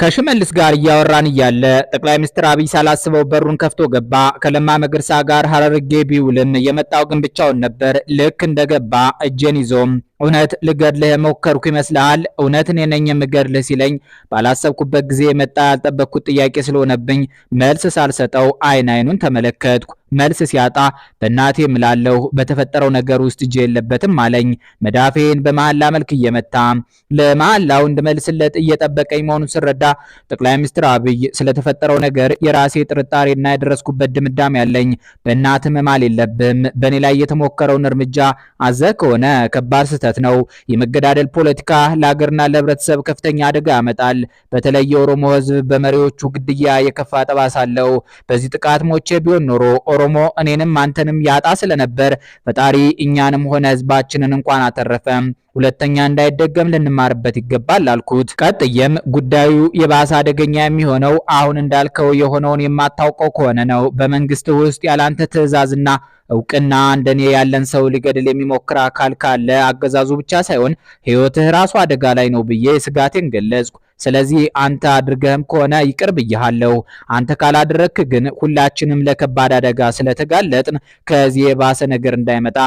ከሽመልስ ጋር እያወራን እያለ ጠቅላይ ሚኒስትር አብይ ሳላስበው በሩን ከፍቶ ገባ። ከለማ መገርሳ ጋር ሀረርጌ ቢውልም የመጣው ግን ብቻውን ነበር። ልክ እንደገባ እጄን ይዞም እውነት ልገድልህ የሞከርኩ ይመስልሃል? እውነት እኔ ነኝ የምገድልህ ሲለኝ ባላሰብኩበት ጊዜ የመጣ ያልጠበቅኩት ጥያቄ ስለሆነብኝ መልስ ሳልሰጠው አይን አይኑን ተመለከትኩ። መልስ ሲያጣ በእናቴ ምላለሁ በተፈጠረው ነገር ውስጥ እጄ የለበትም አለኝ። መዳፌን በመሐላ መልክ እየመታ ለመሐላው እንድመልስለት እየጠበቀኝ መሆኑን ስረዳ ጠቅላይ ሚኒስትር አብይ ስለተፈጠረው ነገር የራሴ ጥርጣሬና የደረስኩበት ድምዳሜ ያለኝ በእናትህ መማል የለብም በእኔ ላይ የተሞከረውን እርምጃ አዘ ከሆነ ከባድ ስተ ስህተት ነው። የመገዳደል ፖለቲካ ለሀገርና ለህብረተሰብ ከፍተኛ አደጋ ያመጣል። በተለይ የኦሮሞ ህዝብ በመሪዎቹ ግድያ የከፋ ጠባሳ አለው። በዚህ ጥቃት ሞቼ ቢሆን ኖሮ ኦሮሞ እኔንም አንተንም ያጣ ስለነበር ፈጣሪ እኛንም ሆነ ህዝባችንን እንኳን አተረፈም። ሁለተኛ እንዳይደገም ልንማርበት ይገባል አልኩት። ቀጥዬም ጉዳዩ የባሰ አደገኛ የሚሆነው አሁን እንዳልከው የሆነውን የማታውቀው ከሆነ ነው። በመንግስት ውስጥ ያላንተ ትዕዛዝና እውቅና እንደኔ ያለን ሰው ሊገድል የሚሞክር አካል ካለ አገዛዙ ብቻ ሳይሆን ህይወትህ ራሱ አደጋ ላይ ነው ብዬ ስጋቴን ገለጽኩ። ስለዚህ አንተ አድርገህም ከሆነ ይቅር ብያሃለሁ። አንተ ካላደረክ ግን ሁላችንም ለከባድ አደጋ ስለተጋለጥን ከዚህ የባሰ ነገር እንዳይመጣ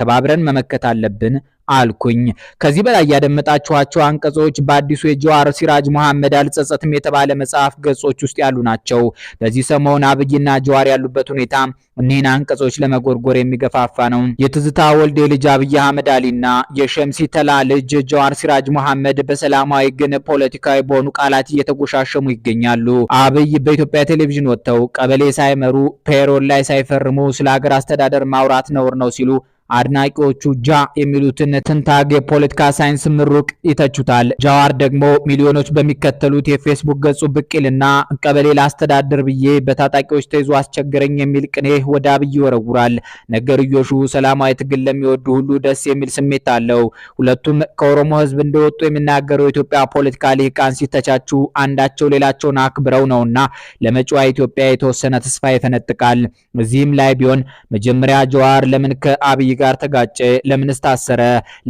ተባብረን መመከት አለብን አልኩኝ። ከዚህ በላይ ያደመጣችኋቸው አንቀጾች በአዲሱ የጀዋር ሲራጅ መሐመድ አልጸጸትም የተባለ መጽሐፍ ገጾች ውስጥ ያሉ ናቸው። በዚህ ሰሞን አብይና ጀዋር ያሉበት ሁኔታ እኒህን አንቀጾች ለመጎርጎር የሚገፋፋ ነው። የትዝታ ወልዴ ልጅ አብይ አህመድ አሊና የሸምሲ ተላ ልጅ ጀዋር ሲራጅ መሐመድ በሰላማዊ ግን ፖለቲካዊ በሆኑ ቃላት እየተጎሻሸሙ ይገኛሉ። አብይ በኢትዮጵያ ቴሌቪዥን ወጥተው ቀበሌ ሳይመሩ ፔሮል ላይ ሳይፈርሙ ስለ ሀገር አስተዳደር ማውራት ነውር ነው ሲሉ አድናቂዎቹ ጃ የሚሉትን ትንታግ የፖለቲካ ሳይንስ ምሩቅ ይተቹታል። ጃዋር ደግሞ ሚሊዮኖች በሚከተሉት የፌስቡክ ገጹ ብቅልና ቀበሌ ላስተዳድር ብዬ በታጣቂዎች ተይዞ አስቸግረኝ የሚል ቅኔ ወደ አብይ ይወረውራል። ነገርዮሹ ሰላማዊ ትግል ለሚወዱ ሁሉ ደስ የሚል ስሜት አለው። ሁለቱም ከኦሮሞ ሕዝብ እንደወጡ የሚናገሩ የኢትዮጵያ ፖለቲካ ልሂቃን ሲተቻቹ አንዳቸው ሌላቸውን አክብረው ነውና ለመጪዋ ኢትዮጵያ የተወሰነ ተስፋ ይፈነጥቃል። እዚህም ላይ ቢሆን መጀመሪያ ጃዋር ለምን ከአብይ ጋር ተጋጨ? ለምንስ ታሰረ?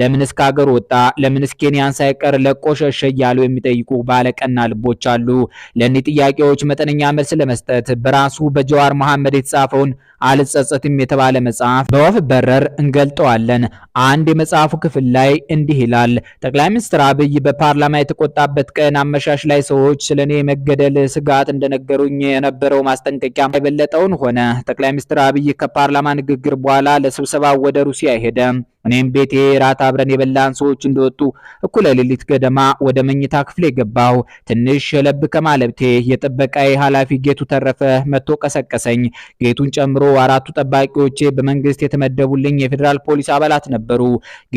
ለምንስ ከሀገር ወጣ? ለምንስ ኬንያን ሳይቀር ለቆሸሸ እያሉ የሚጠይቁ ባለቀና ልቦች አሉ። ለእኒህ ጥያቄዎች መጠነኛ መልስ ለመስጠት በራሱ በጀዋር መሐመድ የተጻፈውን አልጸጸትም የተባለ መጽሐፍ በወፍ በረር እንገልጠዋለን። አንድ የመጽሐፉ ክፍል ላይ እንዲህ ይላል። ጠቅላይ ሚኒስትር አብይ በፓርላማ የተቆጣበት ቀን አመሻሽ ላይ ሰዎች ስለ እኔ መገደል ስጋት እንደነገሩኝ የነበረው ማስጠንቀቂያ የበለጠውን ሆነ። ጠቅላይ ሚኒስትር አብይ ከፓርላማ ንግግር በኋላ ለስብሰባ ወደ ሩሲያ ሄደ። እኔም ቤቴ ራት አብረን የበላን ሰዎች እንደወጡ እኩለ ሌሊት ገደማ ወደ መኝታ ክፍሌ ገባሁ። ትንሽ ለብ ከማለብቴ የጥበቃዬ ኃላፊ ጌቱ ተረፈ መጥቶ ቀሰቀሰኝ። ጌቱን ጨምሮ አራቱ ጠባቂዎቼ በመንግስት የተመደቡልኝ የፌዴራል ፖሊስ አባላት ነበሩ።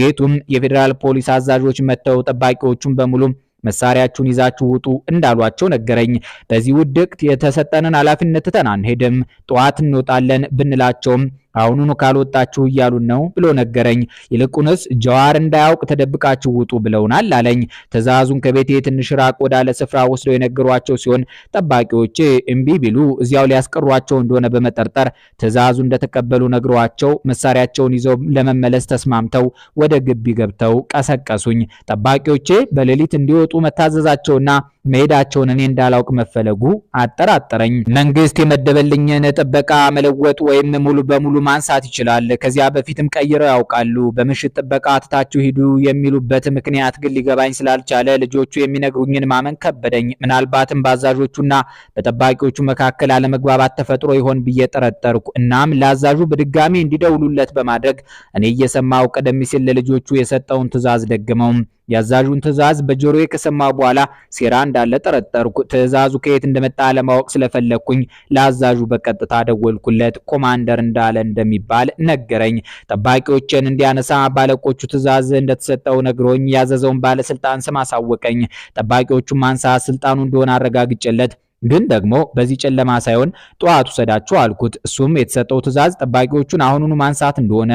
ጌቱም የፌዴራል ፖሊስ አዛዦች መጥተው ጠባቂዎቹን በሙሉ መሳሪያችሁን ይዛችሁ ውጡ እንዳሏቸው ነገረኝ። በዚህ ውድቅት የተሰጠንን ኃላፊነት ትተን አንሄድም፣ ጠዋት እንወጣለን ብንላቸውም አሁኑኑ ካልወጣችሁ እያሉን ነው ብሎ ነገረኝ። ይልቁንስ ጀዋር እንዳያውቅ ተደብቃችሁ ውጡ ብለውናል አለኝ። ትዕዛዙን ከቤቴ ትንሽ ራቅ ወዳለ ስፍራ ወስደው የነገሯቸው ሲሆን ጠባቂዎች እምቢ ቢሉ እዚያው ሊያስቀሯቸው እንደሆነ በመጠርጠር ትዕዛዙ እንደተቀበሉ ነግሯቸው መሳሪያቸውን ይዘው ለመመለስ ተስማምተው ወደ ግቢ ገብተው ቀሰቀሱኝ። ጠባቂዎቼ በሌሊት እንዲወጡ መታዘዛቸውና መሄዳቸውን እኔ እንዳላውቅ መፈለጉ አጠራጠረኝ። መንግስት የመደበልኝን ጥበቃ መለወጥ ወይም ሙሉ በሙሉ ማንሳት ይችላል። ከዚያ በፊትም ቀይረው ያውቃሉ። በምሽት ጥበቃ አትታችሁ ሂዱ የሚሉበት ምክንያት ግን ሊገባኝ ስላልቻለ ልጆቹ የሚነግሩኝን ማመን ከበደኝ። ምናልባትም በአዛዦቹና በጠባቂዎቹ መካከል አለመግባባት ተፈጥሮ ይሆን ብዬ ጠረጠርኩ። እናም ለአዛዡ በድጋሚ እንዲደውሉለት በማድረግ እኔ እየሰማው ቀደም ሲል ለልጆቹ የሰጠውን ትዕዛዝ ደግመው የአዛዡን ትዕዛዝ በጆሮዬ ከሰማ በኋላ ሴራ እንዳለ ጠረጠርኩ። ትዕዛዙ ከየት እንደመጣ ለማወቅ ስለፈለግኩኝ ለአዛዡ በቀጥታ ደወልኩለት። ኮማንደር እንዳለ እንደሚባል ነገረኝ። ጠባቂዎችን እንዲያነሳ ባለቆቹ ትዕዛዝ እንደተሰጠው ነግሮኝ ያዘዘውን ባለስልጣን ስም አሳወቀኝ። ጠባቂዎቹ ማንሳት ስልጣኑ እንደሆነ አረጋግጬለት ግን ደግሞ በዚህ ጨለማ ሳይሆን ጠዋት ውሰዳችሁ አልኩት። እሱም የተሰጠው ትዕዛዝ ጠባቂዎቹን አሁኑኑ ማንሳት እንደሆነ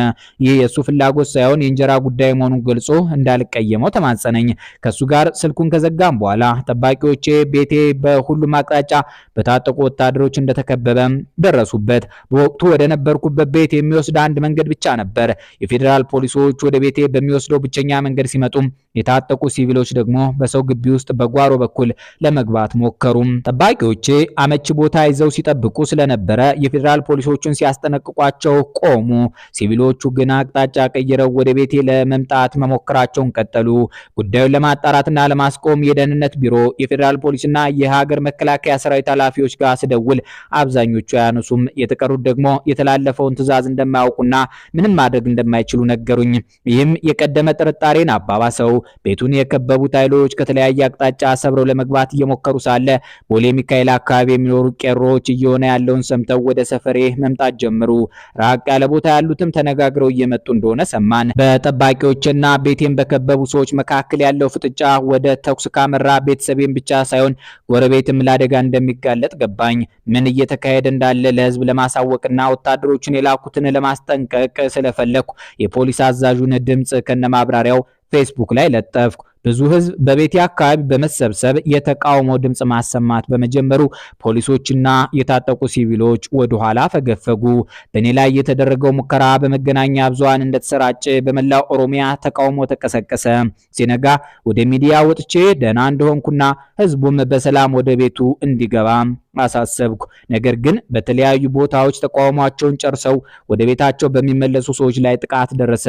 ይህ የእሱ ፍላጎት ሳይሆን የእንጀራ ጉዳይ መሆኑን ገልጾ እንዳልቀየመው ተማጸነኝ። ከእሱ ጋር ስልኩን ከዘጋም በኋላ ጠባቂዎቼ ቤቴ በሁሉም አቅጣጫ በታጠቁ ወታደሮች እንደተከበበ ደረሱበት። በወቅቱ ወደ ነበርኩበት ቤት የሚወስድ አንድ መንገድ ብቻ ነበር። የፌዴራል ፖሊሶች ወደ ቤቴ በሚወስደው ብቸኛ መንገድ ሲመጡ የታጠቁ ሲቪሎች ደግሞ በሰው ግቢ ውስጥ በጓሮ በኩል ለመግባት ሞከሩም። ጠባቂ ታጣቂዎች አመቺ ቦታ ይዘው ሲጠብቁ ስለነበረ የፌዴራል ፖሊሶቹን ሲያስጠነቅቋቸው ቆሙ። ሲቪሎቹ ግን አቅጣጫ ቀይረው ወደ ቤቴ ለመምጣት መሞከራቸውን ቀጠሉ። ጉዳዩን ለማጣራትና ለማስቆም የደህንነት ቢሮ፣ የፌዴራል ፖሊስና የሀገር መከላከያ ሰራዊት ኃላፊዎች ጋር ስደውል አብዛኞቹ አያነሱም። የተቀሩት ደግሞ የተላለፈውን ትዕዛዝ እንደማያውቁና ምንም ማድረግ እንደማይችሉ ነገሩኝ። ይህም የቀደመ ጥርጣሬን አባባሰው። ቤቱን የከበቡት ኃይሎች ከተለያየ አቅጣጫ ሰብረው ለመግባት እየሞከሩ ሳለ ቦሌ ሚካኤል አካባቢ የሚኖሩ ቄሮዎች እየሆነ ያለውን ሰምተው ወደ ሰፈሬ መምጣት ጀምሩ። ራቅ ያለ ቦታ ያሉትም ተነጋግረው እየመጡ እንደሆነ ሰማን። በጠባቂዎችና ቤቴን በከበቡ ሰዎች መካከል ያለው ፍጥጫ ወደ ተኩስ ካመራ ቤተሰቤን ብቻ ሳይሆን ጎረቤትም ለአደጋ እንደሚጋለጥ ገባኝ። ምን እየተካሄደ እንዳለ ለህዝብ ለማሳወቅና ወታደሮቹን የላኩትን ለማስጠንቀቅ ስለፈለኩ የፖሊስ አዛዡን ድምፅ ከነማብራሪያው ፌስቡክ ላይ ለጠፍኩ። ብዙ ህዝብ በቤቴ አካባቢ በመሰብሰብ የተቃውሞ ድምፅ ማሰማት በመጀመሩ ፖሊሶችና የታጠቁ ሲቪሎች ወደ ኋላ ፈገፈጉ። በእኔ ላይ የተደረገው ሙከራ በመገናኛ ብዙሃን እንደተሰራጨ በመላው ኦሮሚያ ተቃውሞ ተቀሰቀሰ። ሲነጋ ወደ ሚዲያ ወጥቼ ደህና እንደሆንኩና ህዝቡም በሰላም ወደ ቤቱ እንዲገባ አሳሰብኩ። ነገር ግን በተለያዩ ቦታዎች ተቃውሟቸውን ጨርሰው ወደ ቤታቸው በሚመለሱ ሰዎች ላይ ጥቃት ደረሰ።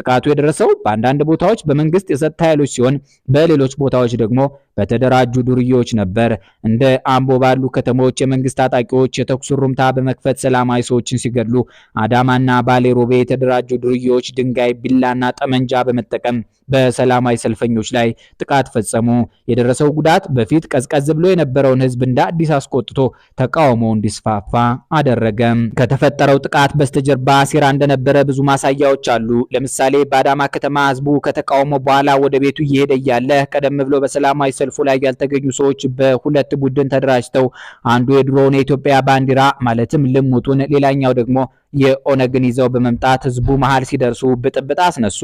ጥቃቱ የደረሰው በአንዳንድ ቦታዎች በመንግስት የጸጥታ ኃይሎች ሲሆን፣ በሌሎች ቦታዎች ደግሞ በተደራጁ ዱርዬዎች ነበር። እንደ አምቦ ባሉ ከተሞች የመንግስት ታጣቂዎች የተኩስ ሩምታ በመክፈት ሰላማዊ ሰዎችን ሲገድሉ፣ አዳማና ባሌ ሮቤ የተደራጁ ዱርዬዎች ድንጋይ፣ ቢላና ጠመንጃ በመጠቀም በሰላማዊ ሰልፈኞች ላይ ጥቃት ፈጸሙ። የደረሰው ጉዳት በፊት ቀዝቀዝ ብሎ የነበረውን ህዝብ እንደ አዲስ አስቆጥቶ ተቃውሞ እንዲስፋፋ አደረገም። ከተፈጠረው ጥቃት በስተጀርባ ሴራ እንደነበረ ብዙ ማሳያዎች አሉ። ለምሳሌ በአዳማ ከተማ ህዝቡ ከተቃውሞ በኋላ ወደ ቤቱ እየሄደ እያለ ቀደም ብሎ በሰላማዊ ሰልፉ ላይ ያልተገኙ ሰዎች በሁለት ቡድን ተደራጅተው አንዱ የድሮውን የኢትዮጵያ ባንዲራ ማለትም ልሙጡን፣ ሌላኛው ደግሞ የኦነግን ይዘው በመምጣት ህዝቡ መሃል ሲደርሱ ብጥብጥ አስነሱ።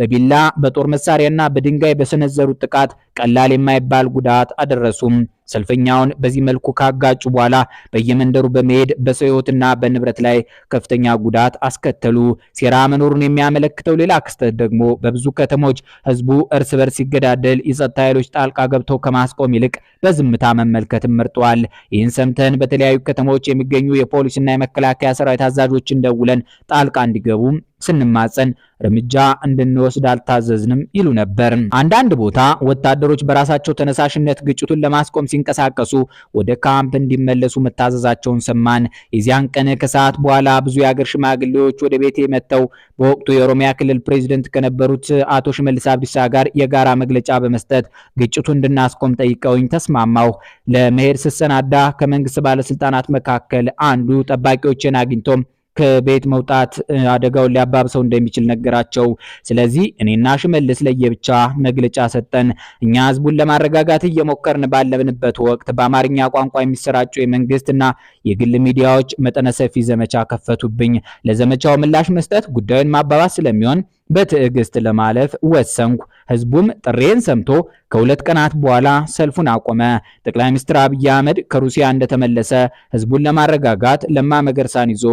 በቢላ በጦር መሳሪያና በድንጋይ በሰነዘሩት ጥቃት ቀላል የማይባል ጉዳት አደረሱም። ሰልፈኛውን በዚህ መልኩ ካጋጩ በኋላ በየመንደሩ በመሄድ በሰው ሕይወትና በንብረት ላይ ከፍተኛ ጉዳት አስከተሉ። ሴራ መኖሩን የሚያመለክተው ሌላ ክስተት ደግሞ በብዙ ከተሞች ህዝቡ እርስ በርስ ሲገዳደል የጸጥታ ኃይሎች ጣልቃ ገብተው ከማስቆም ይልቅ በዝምታ መመልከትን መርጠዋል። ይህን ሰምተን በተለያዩ ከተሞች የሚገኙ የፖሊስና የመከላከያ ሰራዊት አዛዦችን ደውለን ጣልቃ እንዲገቡ ስንማፀን እርምጃ እንድንወስድ አልታዘዝንም ይሉ ነበር። አንዳንድ ቦታ ወታደሮች በራሳቸው ተነሳሽነት ግጭቱን ለማስቆም ሲንቀሳቀሱ ወደ ካምፕ እንዲመለሱ መታዘዛቸውን ሰማን። የዚያን ቀን ከሰዓት በኋላ ብዙ የአገር ሽማግሌዎች ወደ ቤቴ መጥተው በወቅቱ የኦሮሚያ ክልል ፕሬዚደንት ከነበሩት አቶ ሽመልስ አብዲሳ ጋር የጋራ መግለጫ በመስጠት ግጭቱ እንድናስቆም ጠይቀውኝ ተስማማሁ። ለመሄድ ስሰናዳ ከመንግስት ባለስልጣናት መካከል አንዱ ጠባቂዎችን አግኝቶም ከቤት መውጣት አደጋውን ሊያባብሰው እንደሚችል ነገራቸው። ስለዚህ እኔና ሽመልስ ለየብቻ መግለጫ ሰጠን። እኛ ህዝቡን ለማረጋጋት እየሞከርን ባለብንበት ወቅት በአማርኛ ቋንቋ የሚሰራጩ የመንግስትና የግል ሚዲያዎች መጠነ ሰፊ ዘመቻ ከፈቱብኝ። ለዘመቻው ምላሽ መስጠት ጉዳዩን ማባባስ ስለሚሆን በትዕግስት ለማለፍ ወሰንኩ። ህዝቡም ጥሬን ሰምቶ ከሁለት ቀናት በኋላ ሰልፉን አቆመ። ጠቅላይ ሚኒስትር አብይ አህመድ ከሩሲያ እንደተመለሰ ህዝቡን ለማረጋጋት ለማ መገርሳን ይዞ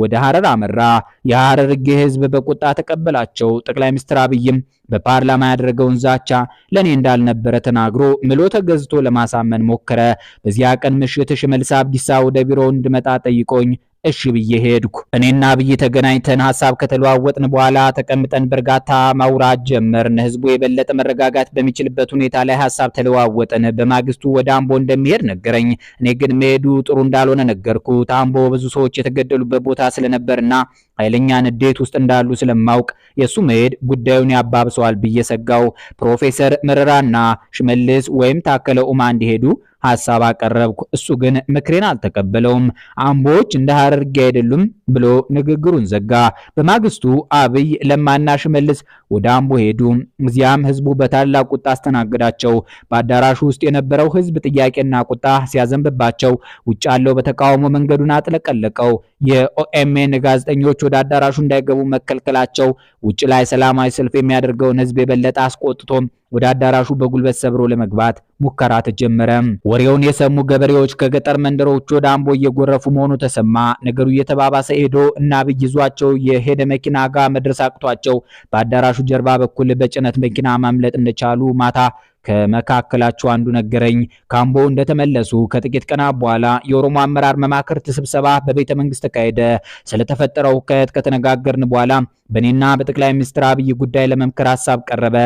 ወደ ሐረር አመራ። የሐረርጌ ህዝብ በቁጣ ተቀበላቸው። ጠቅላይ ሚኒስትር አብይም በፓርላማ ያደረገውን ዛቻ ለኔ እንዳልነበረ ተናግሮ ምሎ ተገዝቶ ለማሳመን ሞከረ። በዚያ ቀን ምሽት ሽመልስ አብዲሳ ወደ ቢሮው እንድመጣ ጠይቆኝ እሺ ብዬ ሄድኩ። እኔና አብይ ተገናኝተን ሀሳብ ከተለዋወጥን በኋላ ተቀምጠን በእርጋታ ማውራት ጀመርን። ህዝቡ የበለጠ መረጋጋት በሚችልበት ሁኔታ ላይ ሀሳብ ተለዋወጥን። በማግስቱ ወደ አምቦ እንደሚሄድ ነገረኝ። እኔ ግን መሄዱ ጥሩ እንዳልሆነ ነገርኩት። አምቦ ብዙ ሰዎች የተገደሉበት ቦታ ስለነበርና ኃይለኛ ንዴት ውስጥ እንዳሉ ስለማውቅ የሱ መሄድ ጉዳዩን ያባብሰዋል ብዬ ሰጋው። ፕሮፌሰር መረራና ሽመልስ ወይም ታከለ ኡማ እንዲሄዱ ሀሳብ አቀረብኩ። እሱ ግን ምክሬን አልተቀበለውም። አምቦዎች እንደ ሀረርጌ አይደሉም ብሎ ንግግሩን ዘጋ። በማግስቱ አብይ፣ ለማና ሽመልስ ወደ አምቦ ሄዱ። እዚያም ህዝቡ በታላቅ ቁጣ አስተናገዳቸው። በአዳራሹ ውስጥ የነበረው ህዝብ ጥያቄና ቁጣ ሲያዘንብባቸው፣ ውጭ ያለው በተቃውሞ መንገዱን አጥለቀለቀው። የኦኤምኤን ጋዜጠኞች ወደ አዳራሹ እንዳይገቡ መከልከላቸው ውጭ ላይ ሰላማዊ ሰልፍ የሚያደርገውን ህዝብ የበለጠ አስቆጥቶም ወደ አዳራሹ በጉልበት ሰብሮ ለመግባት ሙከራ ተጀመረ። ወሬውን የሰሙ ገበሬዎች ከገጠር መንደሮች ወደ አምቦ እየጎረፉ መሆኑ ተሰማ። ነገሩ እየተባባሰ ሄዶ እና አብይ ይዟቸው የሄደ መኪና ጋር መድረስ አቅቷቸው በአዳራሹ ጀርባ በኩል በጭነት መኪና ማምለጥ እንደቻሉ ማታ ከመካከላቸው አንዱ ነገረኝ። ካምቦ እንደተመለሱ ከጥቂት ቀናት በኋላ የኦሮሞ አመራር መማክርት ስብሰባ በቤተ መንግስት ተካሄደ። ስለተፈጠረው ሁከት ከተነጋገርን በኋላ በእኔና በጠቅላይ ሚኒስትር አብይ ጉዳይ ለመምከር ሀሳብ ቀረበ።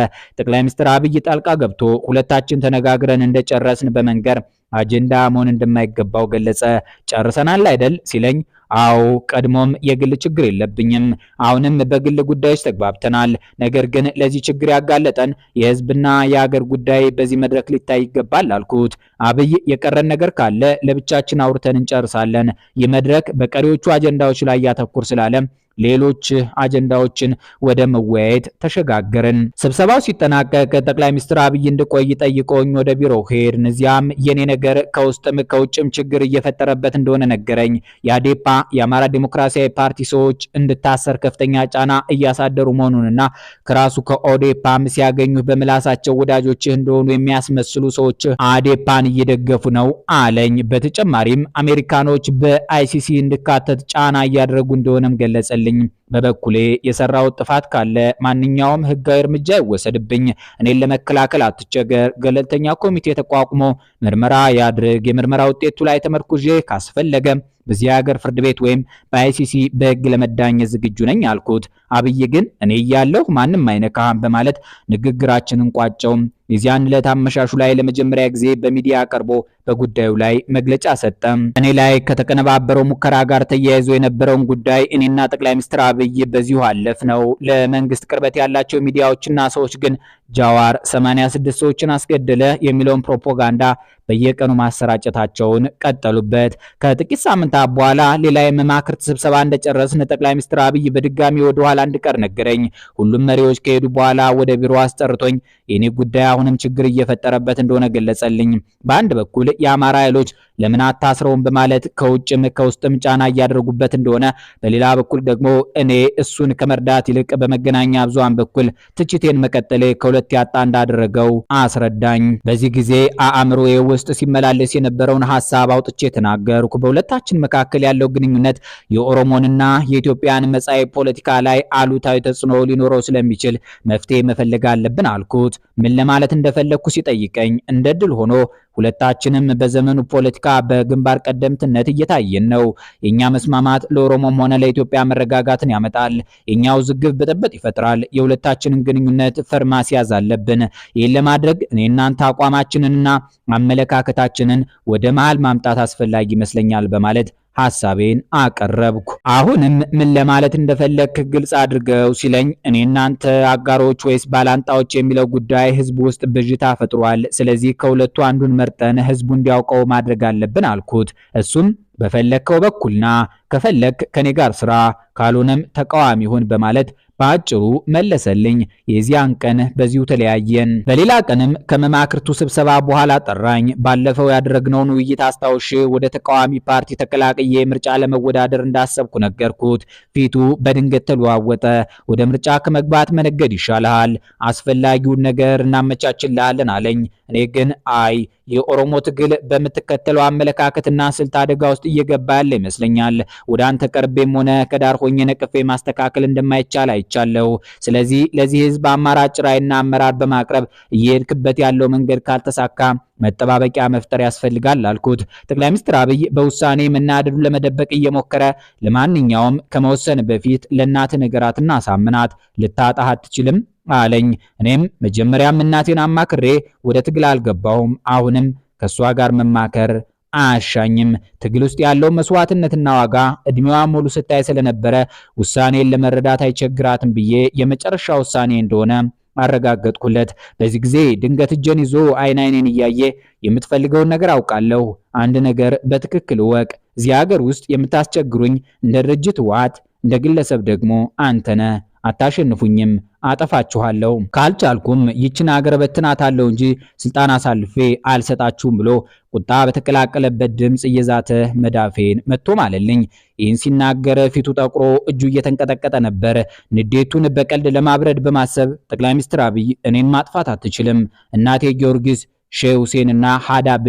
ጠቅላይ ሚኒስትር አብይ ጣልቃ ገብቶ ሁለታችን ተነጋግረን እንደጨረስን በመንገር አጀንዳ መሆን እንደማይገባው ገለጸ። ጨርሰናል አይደል ሲለኝ አዎ ቀድሞም የግል ችግር የለብኝም። አሁንም በግል ጉዳዮች ተግባብተናል። ነገር ግን ለዚህ ችግር ያጋለጠን የህዝብና የሀገር ጉዳይ በዚህ መድረክ ሊታይ ይገባል አልኩት። አብይ የቀረን ነገር ካለ ለብቻችን አውርተን እንጨርሳለን። ይህ መድረክ በቀሪዎቹ አጀንዳዎች ላይ ያተኩር ስላለ ሌሎች አጀንዳዎችን ወደ መወያየት ተሸጋገርን። ስብሰባው ሲጠናቀቅ ጠቅላይ ሚኒስትር አብይ እንድቆይ ጠይቆኝ ወደ ቢሮ ሄድን። እዚያም የኔ ነገር ከውስጥም ከውጭም ችግር እየፈጠረበት እንደሆነ ነገረኝ። የአዴፓ የአማራ ዲሞክራሲያዊ ፓርቲ ሰዎች እንድታሰር ከፍተኛ ጫና እያሳደሩ መሆኑንና ከራሱ ከኦዴፓም ሲያገኙ በምላሳቸው ወዳጆችህ እንደሆኑ የሚያስመስሉ ሰዎች አዴፓን እየደገፉ ነው አለኝ። በተጨማሪም አሜሪካኖች በአይሲሲ እንድካተት ጫና እያደረጉ እንደሆነም ገለጸልኝ። በበኩሌ የሰራው ጥፋት ካለ ማንኛውም ህጋዊ እርምጃ ይወሰድብኝ። እኔን ለመከላከል አትቸገር። ገለልተኛ ኮሚቴ ተቋቁሞ ምርመራ ያድርግ። የምርመራ ውጤቱ ላይ ተመርኩዤ ካስፈለገ በዚህ ሀገር ፍርድ ቤት ወይም በአይሲሲ በህግ ለመዳኘት ዝግጁ ነኝ አልኩት። አብይ ግን እኔ እያለሁ ማንም አይነካ በማለት ንግግራችንን ቋጨው። የዚያን ዕለት አመሻሹ ላይ ለመጀመሪያ ጊዜ በሚዲያ ቀርቦ በጉዳዩ ላይ መግለጫ ሰጠም። እኔ ላይ ከተቀነባበረው ሙከራ ጋር ተያይዞ የነበረውን ጉዳይ እኔና ጠቅላይ ሚኒስትር አብይ በዚሁ አለፍ ነው። ለመንግስት ቅርበት ያላቸው ሚዲያዎችና ሰዎች ግን ጃዋር 86 ሰዎችን አስገደለ የሚለውን ፕሮፓጋንዳ በየቀኑ ማሰራጨታቸውን ቀጠሉበት። ከጥቂት ሳምንታት በኋላ ሌላ የመማክርት ስብሰባ እንደጨረስን ጠቅላይ ሚኒስትር አብይ በድጋሚ ወደ ኋላ እንድቀር ነገረኝ። ሁሉም መሪዎች ከሄዱ በኋላ ወደ ቢሮ አስጠርቶኝ የኔ ጉዳይ አሁንም ችግር እየፈጠረበት እንደሆነ ገለጸልኝ። በአንድ በኩል የአማራ ኃይሎች ለምን አታስረውም በማለት ከውጭም ከውስጥም ጫና እያደረጉበት እንደሆነ፣ በሌላ በኩል ደግሞ እኔ እሱን ከመርዳት ይልቅ በመገናኛ ብዙሃን በኩል ትችቴን መቀጠሌ ከሁለት ሁለት ያጣ እንዳደረገው አስረዳኝ። በዚህ ጊዜ አእምሮዬ ውስጥ ሲመላለስ የነበረውን ሀሳብ አውጥቼ ተናገርኩ። በሁለታችን መካከል ያለው ግንኙነት የኦሮሞንና የኢትዮጵያን መጻኢ ፖለቲካ ላይ አሉታዊ ተጽዕኖ ሊኖረው ስለሚችል መፍትሄ መፈለግ አለብን አልኩት። ምን ለማለት እንደፈለግኩ ሲጠይቀኝ እንደ ድል ሆኖ ሁለታችንም በዘመኑ ፖለቲካ በግንባር ቀደምትነት እየታየን ነው። የኛ መስማማት ለኦሮሞም ሆነ ለኢትዮጵያ መረጋጋትን ያመጣል። የኛ ውዝግብ ብጥብጥ ይፈጥራል። የሁለታችንን ግንኙነት ፈር ማስያዝ አለብን። ይህን ለማድረግ እናንተ አቋማችንንና አመለካከታችንን ወደ መሃል ማምጣት አስፈላጊ ይመስለኛል በማለት ሐሳቤን አቀረብኩ። አሁንም ምን ለማለት እንደፈለግክ ግልጽ አድርገው ሲለኝ እኔ እናንተ አጋሮች ወይስ ባላንጣዎች የሚለው ጉዳይ ህዝብ ውስጥ ብዥታ ፈጥሯል። ስለዚህ ከሁለቱ አንዱን መርጠን ህዝቡ እንዲያውቀው ማድረግ አለብን አልኩት። እሱም በፈለግከው በኩልና ከፈለክ ከኔ ጋር ስራ ካልሆነም ተቃዋሚ ሁን በማለት በአጭሩ መለሰልኝ። የዚያን ቀን በዚሁ ተለያየን። በሌላ ቀንም ከመማክርቱ ስብሰባ በኋላ ጠራኝ። ባለፈው ያደረግነውን ውይይት አስታውሽ ወደ ተቃዋሚ ፓርቲ ተቀላቅዬ ምርጫ ለመወዳደር እንዳሰብኩ ነገርኩት። ፊቱ በድንገት ተለዋወጠ። ወደ ምርጫ ከመግባት መነገድ ይሻልሃል፣ አስፈላጊውን ነገር እናመቻችልሃለን አለኝ። እኔ ግን አይ የኦሮሞ ትግል በምትከተለው አመለካከትና ስልት አደጋ ውስጥ እየገባ ያለ ይመስለኛል። ወደ አንተ ቀርቤም ሆነ ከዳር ሆኜ ነቅፌ ማስተካከል እንደማይቻል አይ አይቻለሁ። ስለዚህ ለዚህ ህዝብ አማራጭ ራዕይና አመራር በማቅረብ እየሄድክበት ያለው መንገድ ካልተሳካ መጠባበቂያ መፍጠር ያስፈልጋል አልኩት። ጠቅላይ ሚኒስትር አብይ በውሳኔ መናደዱ ለመደበቅ እየሞከረ ለማንኛውም ከመወሰን በፊት ለእናት ነገራትና ሳምናት ልታጣህ አትችልም አለኝ። እኔም መጀመሪያም እናቴን አማክሬ ወደ ትግል አልገባሁም። አሁንም ከእሷ ጋር መማከር አያሻኝም። ትግል ውስጥ ያለው መስዋዕትነትና ዋጋ እድሜዋ ሙሉ ስታይ ስለነበረ ውሳኔን ለመረዳት አይቸግራትም ብዬ የመጨረሻ ውሳኔ እንደሆነ አረጋገጥኩለት። በዚህ ጊዜ ድንገት እጄን ይዞ አይን አይኔን እያየ የምትፈልገውን ነገር አውቃለሁ። አንድ ነገር በትክክል እወቅ። እዚህ ሀገር ውስጥ የምታስቸግሩኝ እንደ ድርጅት ዋት፣ እንደ ግለሰብ ደግሞ አንተ አታሸንፉኝም፣ አጠፋችኋለሁ፣ ካልቻልኩም ይችን አገር በትናታለሁ እንጂ ስልጣን አሳልፌ አልሰጣችሁም ብሎ ቁጣ በተቀላቀለበት ድምፅ እየዛተ መዳፌን መጥቶ ማለልኝ። ይህን ሲናገር ፊቱ ጠቁሮ እጁ እየተንቀጠቀጠ ነበር። ንዴቱን በቀልድ ለማብረድ በማሰብ ጠቅላይ ሚኒስትር አብይ እኔን ማጥፋት አትችልም፣ እናቴ ጊዮርጊስ ሼህ እና ሀዳቤ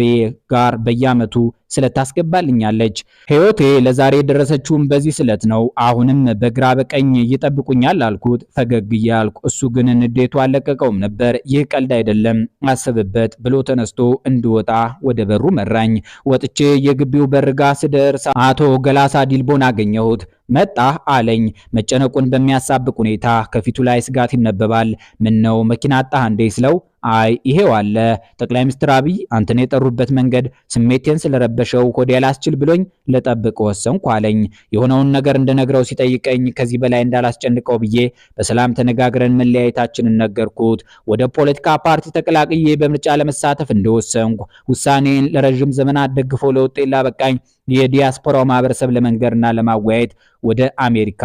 ጋር በየአመቱ። ስለት ታስገባልኛለች። ህይወቴ ለዛሬ የደረሰችውም በዚህ ስለት ነው። አሁንም በግራ በቀኝ ይጠብቁኛል አልኩት፣ ፈገግ እያልኩ። እሱ ግን ንዴቱ አለቀቀውም ነበር። ይህ ቀልድ አይደለም አስብበት ብሎ ተነስቶ እንድወጣ ወደ በሩ መራኝ። ወጥቼ የግቢው በር ስደርስ አቶ ገላሳ ዲልቦን አገኘሁት። መጣ አለኝ፣ መጨነቁን በሚያሳብቅ ሁኔታ። ከፊቱ ላይ ስጋት ይነበባል። ምን ነው መኪና አጣህ እንዴ ስለው አይ ይሄው አለ ጠቅላይ ሚኒስትር አብይ አንተን የጠሩበት መንገድ ስሜቴን ስለረበ ልረበሸው ሆዴ ያላስችል ብሎኝ ልጠብቅ ወሰንኩ አለኝ። የሆነውን ነገር እንድነግረው ሲጠይቀኝ ከዚህ በላይ እንዳላስጨንቀው ብዬ በሰላም ተነጋግረን መለያየታችንን ነገርኩት። ወደ ፖለቲካ ፓርቲ ተቀላቅዬ በምርጫ ለመሳተፍ እንደወሰንኩ ውሳኔን ለረዥም ዘመናት ደግፎ ለውጤት ላበቃኝ የዲያስፖራው ማህበረሰብ ለመንገርና ለማወያየት ወደ አሜሪካ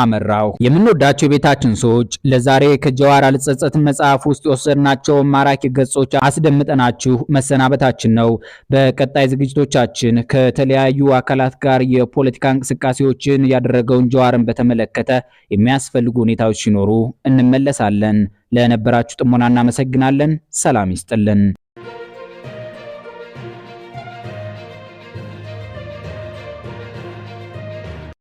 አመራሁ። የምንወዳቸው የቤታችን ሰዎች ለዛሬ ከጀዋር አልጸጸት መጽሐፍ ውስጥ የወሰድናቸው ማራኪ ገጾች አስደምጠናችሁ መሰናበታችን ነው። በቀጣይ ዝግጅቶቻችን ከተለያዩ አካላት ጋር የፖለቲካ እንቅስቃሴዎችን ያደረገውን ጀዋርን በተመለከተ የሚያስፈልጉ ሁኔታዎች ሲኖሩ እንመለሳለን። ለነበራችሁ ጥሞና እናመሰግናለን። ሰላም ይስጥልን።